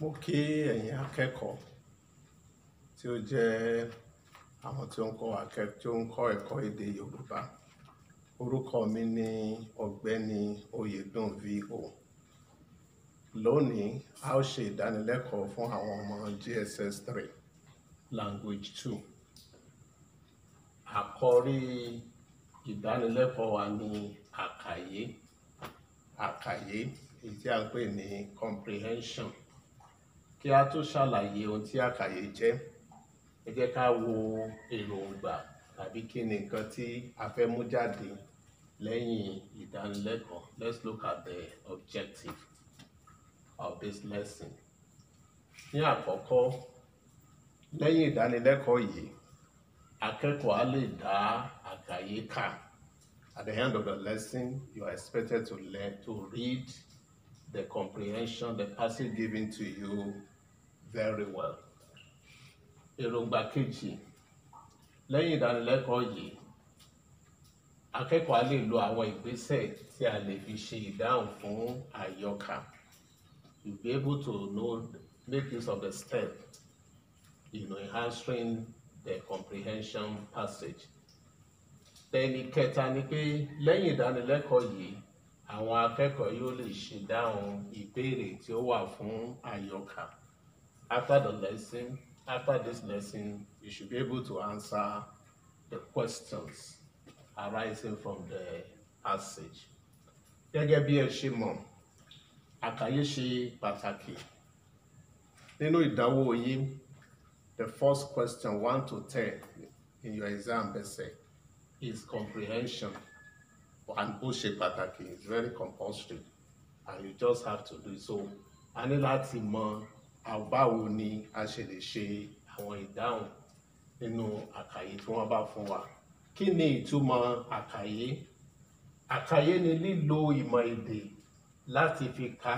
Mo kí ẹ̀yin akẹ́kọ̀ọ́ tí ó jẹ́ àwọn tí ó ń kọ́ akẹ́ tí ó ń kọ́ ẹ̀kọ́ èdè Yorùbá. Orúkọ mi ni Ọ̀gbẹ́ni Oyèdùn VO. Lónìí, a ó ṣe ìdánilẹ́kọ̀ọ́ fún àwọn ọmọ JSS 3 Language 2. Àkọ́rí ìdánilẹ́kọ̀ọ́ wa ni àkàyé, àkàyé èyí tí à ń pè ní comprehension kí a tó ṣàlàyé ohun tí àkàyè jẹ́ ẹ jẹ́ ká wo èròǹgbà tàbí kí ni nǹkan tí a fẹ́ mú jáde lẹ́yìn ìdánilẹ́kọ̀ọ́ let's look at the objective of this lesson ní àkọ́kọ́ lẹ́yìn ìdánilẹ́kọ̀ọ́ yìí akẹ́kọ̀ọ́ á lè dá àkàyé kà at the end of the lesson you are expected to learn to read the comprehension the passage given to you very well èròǹgbà kejì lẹ́yìn ìdánilẹ́kọ̀ọ́ yìí akẹ́kọ̀ọ́ á lè lo àwọn ìgbésẹ̀ tí a lè fi ṣe ìdáhùn fún àyọkà you be able to know make use of the step in know enhancing the comprehension passage tẹni kẹta ni pé lẹ́yìn ìdánilẹ́kọ̀ọ́ yìí àwọn akẹ́kọ̀ọ́ yóò lè ṣèdáhùn ìbéèrè tí ó wà fún àyọkà after the lesson, after this lesson, you should be able to answer the questions arising from the passage. Gẹ́gẹ́ bí ẹ ṣe mọ̀, àkàyé ṣe pàtàkì. Nínú ìdánwò yín, the first question one to ten in your exam bẹ̀sẹ̀ is comprehension and ó ṣe pàtàkì it's very compulsory and you just have to do it. So a ní láti mọ àbáwo ni a ṣe lè ṣe àwọn ìdáhùn nínú àkàyé tí wọ́n bá fún wa kí ni ìtumọ̀ àkàyé àkàyé ni lílo ìmọ̀ èdè láti fi ka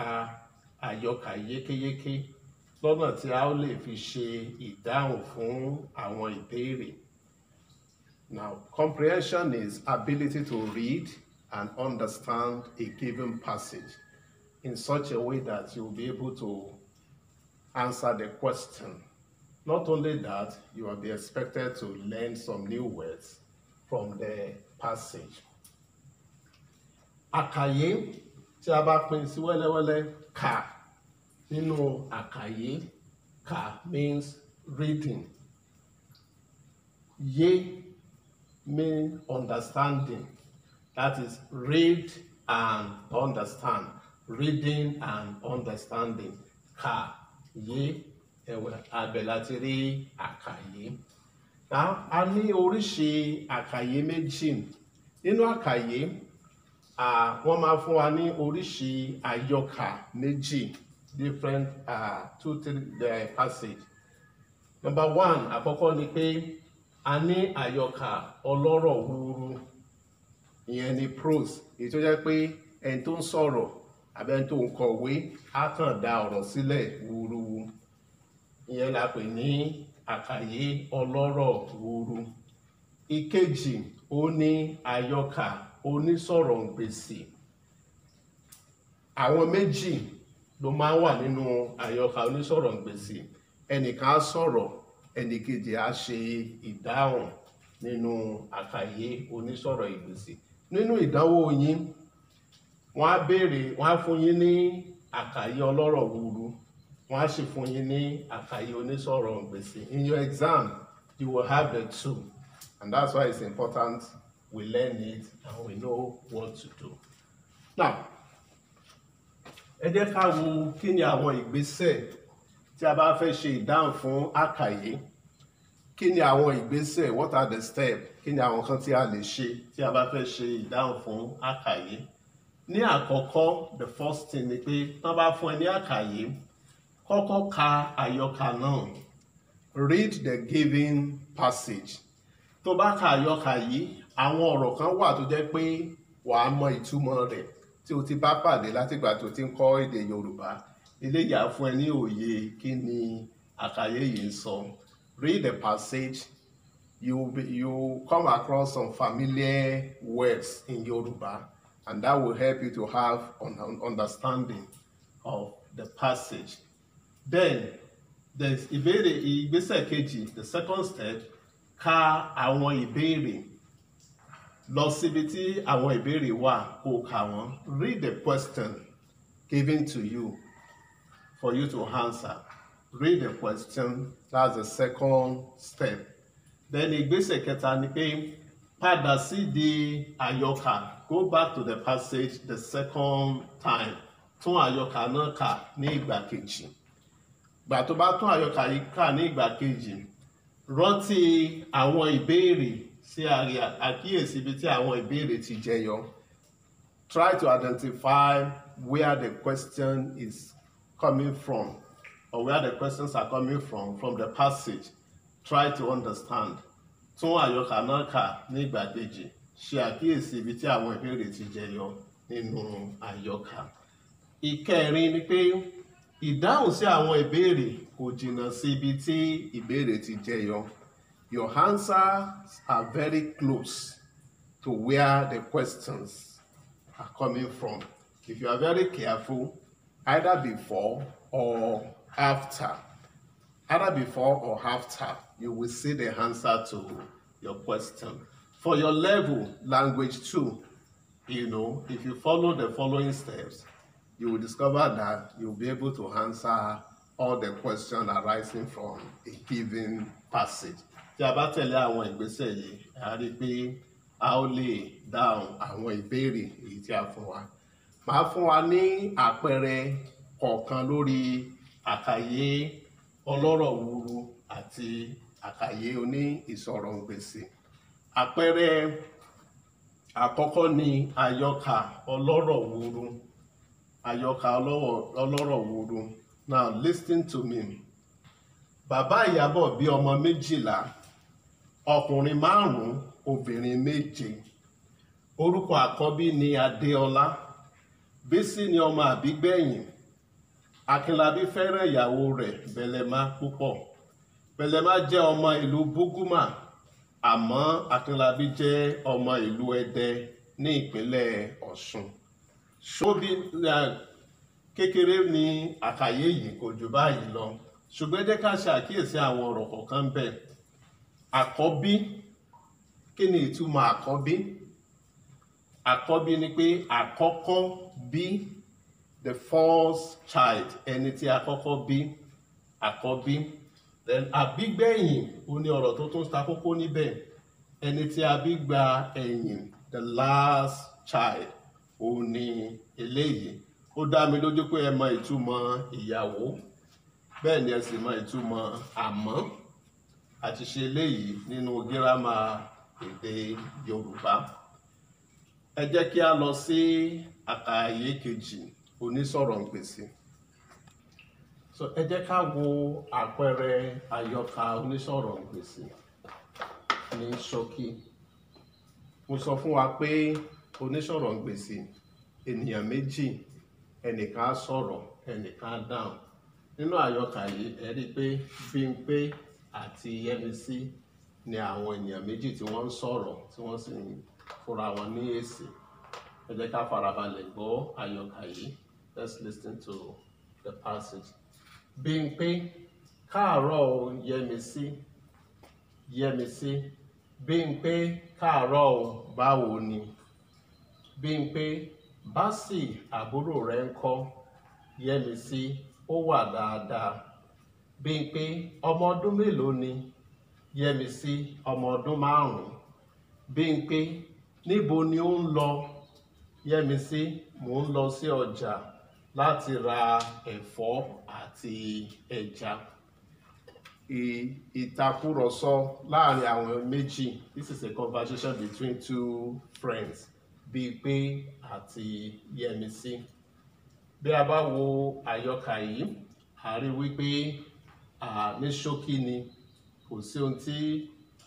àyọkà yékéyéké lọ́nà tí a ó lè fi ṣe ìdáhùn fún àwọn ìbéèrè. Now, comprehension is ability to read and understand a given passage in such a way that you'll be able to answer the question. Not only that, you will be expected to learn some new words from the passage. Àkàyé tí a bá pín sí àkàyé kà means reading. Yé means understanding. That is read and understand. Reading and understanding. Kà yìí ẹ̀wẹ̀ abẹ̀ láti rí àkàyé a ní oríṣi àkàyé méjì nínú àkàyé wọ́n máa fún wa ní oríṣi àyọkà méjì different uh, two three uh, passage number one àkọ́kọ́ ni pé a ní àyọkà ọlọ́rọ̀ wúru ìyẹn ni prose èyí tó jẹ́ pé ẹni tó ń sọ̀rọ̀ abẹ́ni tó ń kọ̀wé á kàn da ọ̀rọ̀ sílẹ̀ wúruwú ìyẹn la pè ní àkàyé ọlọ́rọ̀ wúru ìkejì ó ní àyọkà onísọ̀rọ̀ gbèsì àwọn méjì ló máa ń wà nínú àyọkà onísọ̀rọ̀ gbèsì ẹnìkan á sọ̀rọ̀ ẹnìkejì á ṣe ìdáhùn nínú àkàyé onísọ̀rọ̀ ìgbèsì nínú ìdánwò yín wọ́n á béèrè wọ́n á fún yín ní àkàyé ọlọ́rọ̀ wúru wọ́n á sì fún yín ní àkàyé onísọ̀rọ̀ gbèsè in your exam you will have the two and that's why it's important we learn it and we know what to do now ẹ jẹ́ ká wo kí ni àwọn ìgbésẹ̀ tí a bá fẹ́ ṣe ìdáhùn fún àkàyé kí ni àwọn ìgbésẹ̀ what are the steps kí ni àwọn kan tí a lè ṣe tí a bá fẹ́ ṣe ìdáhùn fún àkàyé ní àkọ́kọ́ the first thing ni pé tán bá fún ẹ ní àkàyé kọ́kọ́ ka àyọkà náà read the giving passage tó bá ka àyọkà yìí àwọn ọ̀rọ̀ kan wà tó jẹ́ pé wàá mọ ìtumọ̀ rẹ̀ tí o ti bá pàdé látìgbà tó ti ń kọ́ èdè Yorùbá eléyìí fún ẹ ní òye kí ni àkàyé yìí ń sọ read the passage you you come across some familiar words in Yorùbá. and that will help you to have an understanding of the passage. Then the ìbéèrè ìgbésẹ̀ kejì the second step ka àwọn ibere, lọ síbi tí àwọn ìbéèrè wà kó kà wọ́n read the question given to you for you to answer read the question that's the second step then ìgbésẹ̀ kẹta ni pé padà sí di àyọkà go back to the passage the second time tún àyọkà náà kà ní ìgbà kejì gbà tó bá tún àyọkà yìí kà ní ìgbà kejì rántí àwọn ìbéèrè sí àkíyèsí ibi tí àwọn ìbéèrè ti jẹyọ try to identify where the question is coming from or where the questions are coming from from the passage try to understand tún àyọkà náà kà ní ìgbà kejì ṣe àkíyèsí ibi tí àwọn ìbéèrè ti jẹyọ nínú àyọkà ìkẹrin ni pé ìdáhùn sí àwọn ìbéèrè kò jìnnà sí ibi tí ìbéèrè ti jẹyọ your answers are very close to where the questions are coming from if you are very careful either before or after either before or after you will see the answer to your question for your level language too, you know if you follow the following steps you will discover that you'll be able to answer all the questions arising from a given passage tí a bá tẹ̀lé àwọn ìgbésẹ̀ yìí a rí i pé a ó lè dáhùn àwọn ìbéèrè èyí tí a fún wa màá fún wa ní àpẹẹrẹ kọ̀ọ̀kan lórí àkàyé ọlọ́rọ̀ wúru àti àkàyé oní ìsọ̀rọ̀ gbèsè àpẹẹrẹ àkọ́kọ́ ni àyọkà ọlọ́rọ̀ wuru àyọkà ọlọ́rọ̀ wuru now listen to me bàbá Ìyábọ̀ bí ọmọ méjìlá ọkùnrin márùn-ún obìnrin méje orúkọ àkọ́bí ni Adéọlá Bísí ni ọmọ àbígbẹ̀yìn Akínlábí fẹ́ràn ìyàwó rẹ̀ Bẹ̀lẹ̀má púpọ̀ Bẹ̀lẹ̀má jẹ́ ọmọ ìlú Búgúmà àmọ́ Akínlábí jẹ́ ọmọ ìlú Ẹdẹ ní ìpínlẹ̀ Ọ̀ṣun ṣóbi kékeré ni àkàyé yìí kò jù báyìí lọ ṣùgbọ́n jẹ́ ká ṣe àkíyèsí àwọn ọ̀rọ̀ kọ̀ọ̀kan bẹ̀ àkọ́bí kí ni ìtumọ̀ àkọ́bí àkọ́bí ni pé àkọ́kọ́ bí the first child ẹni tí àkọ́kọ́ bí àkọ́bí then àbígbẹ̀yìn ó ní ọ̀rọ̀ tó tún ta kókó níbẹ̀ ẹni tí a bí the last child ó ní eléyìí ó dá mi lójú pé ẹ mọ ìtumọ̀ ìyàwó bẹ́ẹ̀ ni ẹ sì mọ ìtumọ̀ àmọ́ àti ṣe eléyìí nínú gírámà èdè Yorùbá ẹ jẹ́ kí a lọ sí àkàyé kejì onísọ̀rọ̀ ń pèsè so ẹ jẹ́ ká wo àpẹẹrẹ àyọkà onísọ̀rọ̀ gbèsè ní ṣókí mo sọ fún wa pé onísọ̀rọ̀ gbèsè ènìyàn méjì ẹnìkan á sọ̀rọ̀ ẹnìkan á dáhùn nínú àyọkà yìí ẹ rí i pé Bímpé àti Yẹmisí ni àwọn ènìyàn méjì tí wọ́n ń sọ̀rọ̀ tí wọ́n sì ń fúnra wọn ní èsì ẹ jẹ́ ká farabalẹ̀ gbọ́ àyọkà yìí let's listen to the passage. Bímpé káàárọ̀ o Yẹmisí Yẹmisí Bímpé káàárọ̀ o báwo ni Bímpé Básì àbúrò rẹ ńkọ́ Yẹmisí ó wà dáadáa Bímpé ọmọ ọdún mélòó ni Yẹmisí ọmọ ọdún márùn-ún Bímpé níbo ni ó ń lọ Yẹmisí mò ń lọ sí ọjà láti ra ẹ̀fọ́ àti ẹja ìtàkùrọ̀sọ láàrin àwọn méjì this is a conversation between two friends Bímpé àti Yẹmisí bí a bá wo àyọkà yìí a rí wípé ní ṣókí ni kò sí ohun tí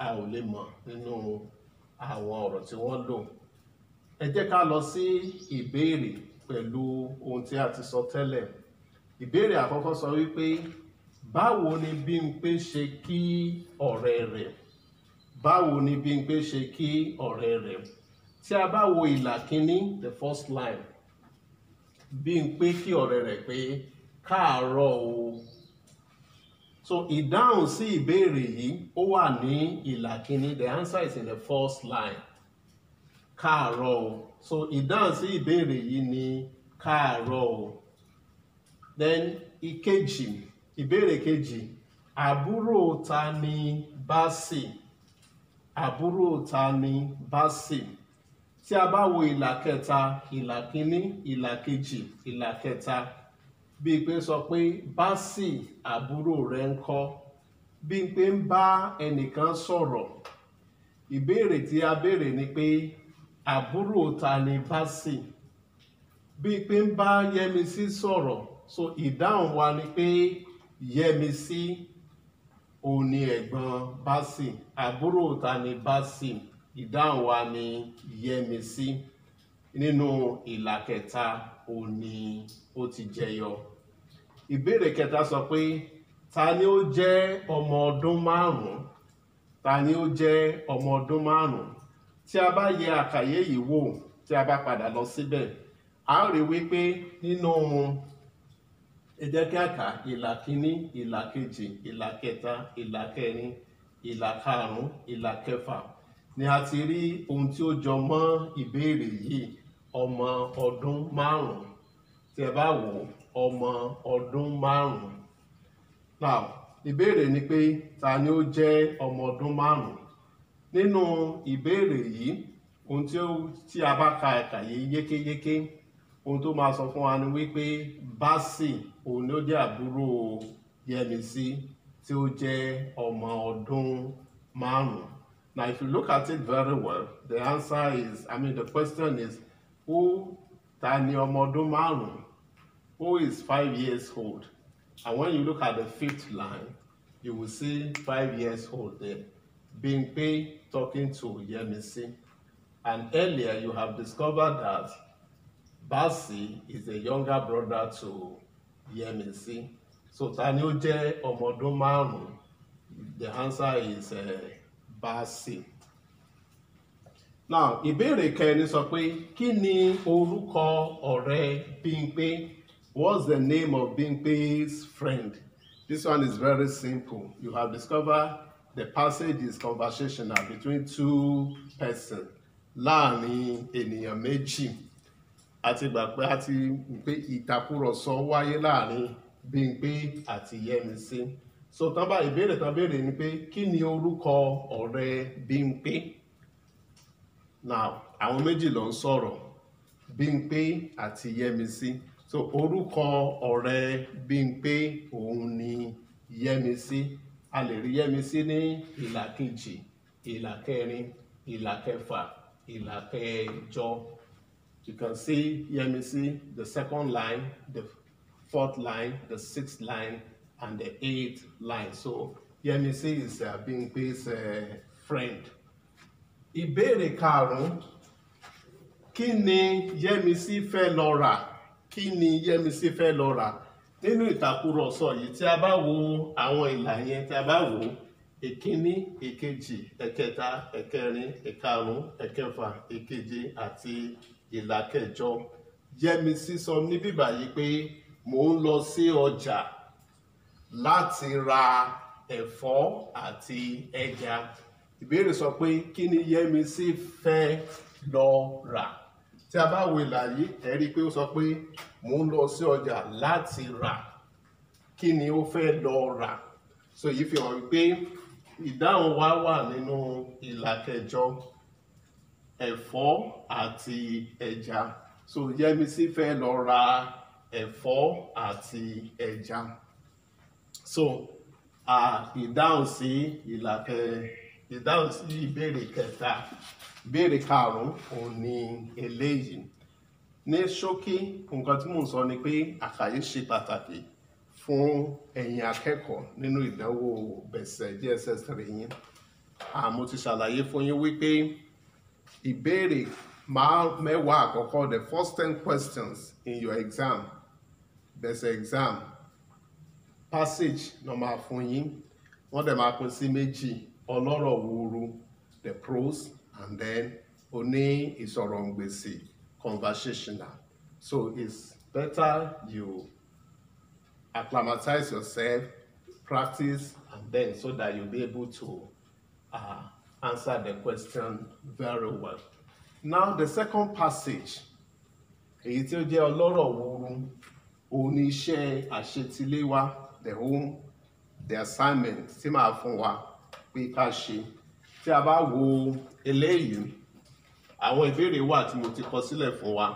a ò lè mọ̀ nínú àwọn ọ̀rọ̀ tí wọ́n lò ẹ jẹ́ ká lọ sí ìbéèrè pẹ̀lú ohun tí a ti sọ tẹ́lẹ̀ ìbéèrè àkọ́kọ́ sọ wípé báwo ni Bímpé ṣe kí ọ̀rẹ́ rẹ̀ báwo ni Bímpé ṣe kí ọ̀rẹ́ rẹ̀ tí a bá wo ìlà kínní the first line Bímpé kí ọ̀rẹ́ rẹ̀ pé káàárọ̀ o so ìdáhùn sí ìbéèrè yìí ó wà ní ìlà kínní the answer is in the first line káàárọ̀ o so ìdáhùn sí ìbéèrè yìí ni káàárọ̀ o. Then ìkejì ìbéèrè kejì àbúrò ta ni Báṣì? Àbúrò ta ni Báṣì? Tí a bá wo ìlà kẹta, ìlà kínní, ìlà kejì, ìlà kẹta, Bímpé sọ pé Báṣì àbúrò rẹ̀ ń kọ́. Bímpé ń bá ẹnìkan sọ̀rọ̀. Ìbéèrè tí a béèrè ni pé àbúrò ta ni Báṣì? Bímpé ń bá Yẹmisí sọ̀rọ̀ so ìdáhùn wa ni pé Yẹmisí òun ni ẹ̀gbọ́n Basim àbúrò ta ni Basim ìdáhùn wa ni Yẹmisí nínú ìlà kẹta òun ni ó ti jẹyọ ìbéèrè kẹta sọ pé ta ni ó jẹ́ ọmọ ọdún márùn-ún ta ni ó jẹ́ ọmọ ọdún márùn tí a bá yẹ àkàyé yìí wò tí a bá padà lọ síbẹ̀ a rí wípé nínú ẹ jẹ́ kí a kà ìlà kínní ìlà kejì ìlà kẹta ìlà kẹrin ìlà karùnún ìlà kẹfà ni a ti rí ohun tí ó jọ mọ́ ìbéèrè yìí ọmọ ọdún márùnún tí bá wò ọmọ ọdún márùnún now ìbéèrè ni pé ta ni ó jẹ́ ọmọ ọdún márùnún nínú ìbéèrè yìí ohun tí ó tí a bá ka ẹ̀ka yìí yékéyéké ohun tó máa sọ fún wa ni wípé básì òun ló jẹ́ àbúrò Yẹmisí tí ó jẹ́ ọmọ ọdún márùn Now, if you look at it very well, the answer is, I mean, the question is, who ta ni ọmọ ọdún márùn Who is five years old? And when you look at the fifth line, you will see five years old there. Bimpe talking to Yemisi. And earlier you have discovered that Basi is a younger brother to Yẹmisí so ta ni ó jẹ́ ọmọ ọdún márùn the answer is uh, eh, Bassey. now ìbéèrè kẹrin sọ pé kí ni orúkọ ọ̀rẹ́ Bímpé what's the name of Bímpé's friend this one is very simple you have discovered the passage is conversational between two persons láàrin ènìyàn méjì a ti gbà pé a ti pé ìtàkùrọ̀sọ wáyé láàrin Bímpé àti Yẹ́misí so tán bá ìbéèrè tán béèrè ni pé kí ni orúkọ ọ̀rẹ́ Bímpé now àwọn méjì ló ń sọ̀rọ̀ Bímpé àti Yẹ́misí so orúkọ ọ̀rẹ́ Bímpé òun ni Yẹ́misí a lè rí Yẹ́misí ní ìlà kejì ìlà kẹrin ìlà kẹfà ìlà kẹjọ You can see here me see the second line, the fourth line, the sixth line, and the eighth line. So here me see is uh, being his uh, friend. Ìbéèrè karùn Kini Yemisi fe Yẹ́misí Kini Yemisi fe Kí ni Yẹ́misí fẹ́ lọ rà? Nínú ìtàkùrọ̀sọ yìí tí a bá wo àwọn ìlà yẹn tí a bá wò ìkíní ìkejì ẹ̀kẹta ẹ̀kẹrin ẹ̀karùn-ún ẹ̀kẹfà ẹ̀keje àti ìlà kẹjọ yẹmi sísọ ní bíbà yìí pé mò ń lọ sí ọjà láti ra ẹ̀fọ́ àti ẹja ìbéèrè sọ pé kí ni yẹmi sí fẹ́ lọ rà tí a bá wo ìlà yìí ẹ rí i pé ó sọ pé mò ń lọ sí ọjà láti rà kí ni ó fẹ́ lọ rà so yìí fi hàn wípé ìdáhùn wa wà nínú ìlà ẹ̀fọ́ àti ẹja so Yẹ́misí fẹ́ lọ ra ẹ̀fọ́ àti ẹja so ìdáhùn sí ìlàkẹ ìdáhùn sí ìbéèrè kẹta ìbéèrè karùnún òun ni eléyìí ní ṣókí nǹkan tí mò ń sọ ni pé àkàyè ṣe pàtàkì fún ẹ̀yin akẹ́kọ̀ọ́ nínú ìdánwò bẹ̀sẹ̀ JSS 3 yín àmọ́ ti ṣàlàyé fún yín wípé ìbéèrè mẹ́wàá àkọ́kọ́ the first ten questions in your exam there's an exam passage ló máa fún yín wọ́n dẹ̀ máa pín sí méjì ọlọ́rọ̀ wúru the prose and then oní ìsọ̀rọ̀ǹgbèsì conversational so it's better you acclimatize yourself practice and then so that you'll be able to uh, answered the question very well. Now the second passage èyí tí ó jẹ́ ọlọ́rọ̀ wúru òun àṣetiléwá the home the assignment tí màá fún wa pé ká ṣe tí a bá wo eléyìí àwọn ìbéèrè wà tí mo ti kọ sílẹ̀ fún wa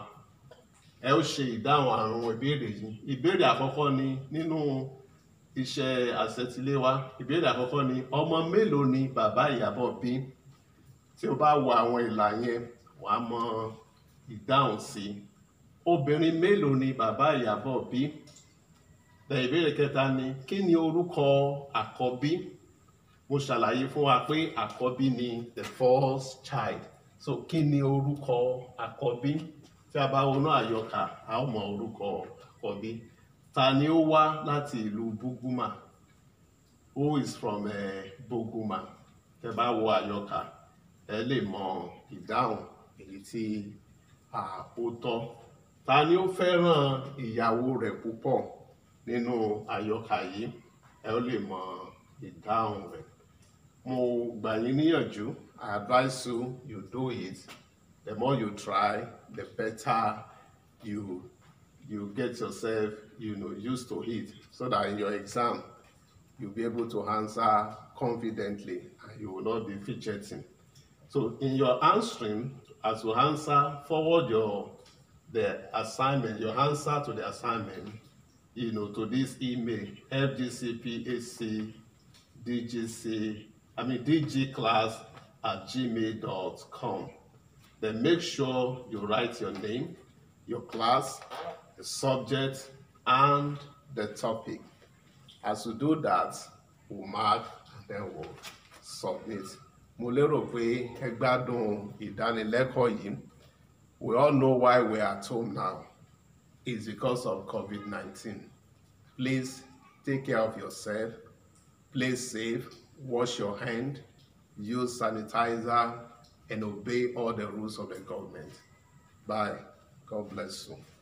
ẹ ó ṣe ìdáhùn àwọn ìbéèrè yìí ìbéèrè àkọ́kọ́ ni nínú. No iṣẹ́ àṣẹtílé wa ìbéèrè àkọ́kọ́ ni ọmọ mélòó ni bàbá Ìyábọ̀ bí tí o bá wo àwọn ìlà yẹn wàá mọ ìdáhùn sí obìnrin mélòó ni bàbá Ìyábọ̀ bí bẹ ìbéèrè kẹta ni kí ni orúkọ àkọ́bí mo ṣàlàyé fún wa pé àkọ́bí ni the first child so kí ni orúkọ àkọ́bí tí a bá wọnú àyọkà a ó mọ orúkọ àkọ́bí ta ni ó wá láti ìlú Buguma who is from uh, Buguma tẹ bá wo àyọkà ẹ lè mọ ìdáhùn èyí tí ó tọ́ ta ni ó fẹ́ràn ìyàwó rẹ̀ púpọ̀ nínú àyọkà yìí ẹ ó lè mọ ìdáhùn rẹ̀ mo gbà yín níyànjú I advise you you do it the more you try the better you you get yourself, you know, used to it so that in your exam, you'll be able to answer confidently and you will not be fidgeting. So in your answering, as you answer, forward your the assignment, your answer to the assignment, you know, to this email, fdcpac, dgc, I mean, dgclass at gmail.com. Then make sure you write your name, your class, the subject, and the topic. As we do that, we'll mark and then we'll submit. Mo lérò pé ẹ gbádùn ìdánilẹ́kọ̀ọ́ yìí. We all know why we are at home now. It's because of COVID-19. Please take care of yourself. Play safe. Wash your hand. Use sanitizer and obey all the rules of the government. Bye. God bless you.